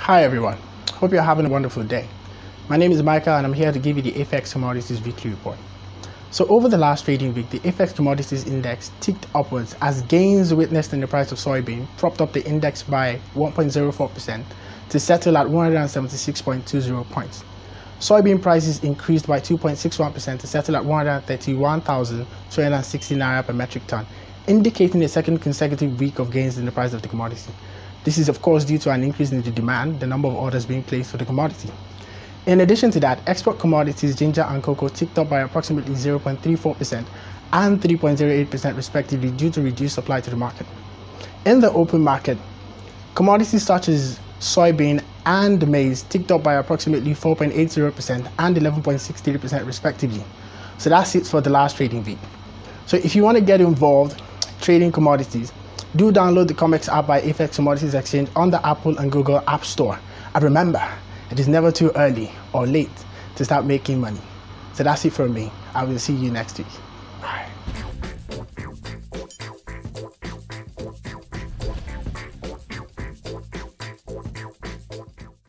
Hi everyone, hope you're having a wonderful day. My name is Michael and I'm here to give you the FX Commodities Weekly Report. So over the last trading week, the FX Commodities Index ticked upwards as gains witnessed in the price of soybean propped up the index by 1.04% to settle at 176.20 points. Soybean prices increased by 2.61% to settle at 131,269 naira per metric ton, indicating a second consecutive week of gains in the price of the commodity. This is, of course, due to an increase in the demand, the number of orders being placed for the commodity. In addition to that, export commodities ginger and cocoa ticked up by approximately 0.34% and 3.08% respectively due to reduced supply to the market. In the open market, commodities such as soybean and maize ticked up by approximately 4.80% and 11.63% respectively. So that's it for the last trading week. So if you want to get involved trading commodities, do download the Comex app by FX Commodities Exchange on the Apple and Google App Store. And remember, it is never too early or late to start making money. So that's it from me. I will see you next week.